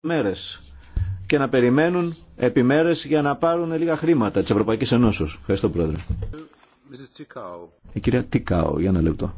μέρες και να περιμένουν επιμέρες για να πάρουν λίγα χρήματα της Ευρωπαϊκής Ενώσεως. Ευχαριστώ Πρόεδρε. Η κυρία Τικάου, για ένα λεπτό.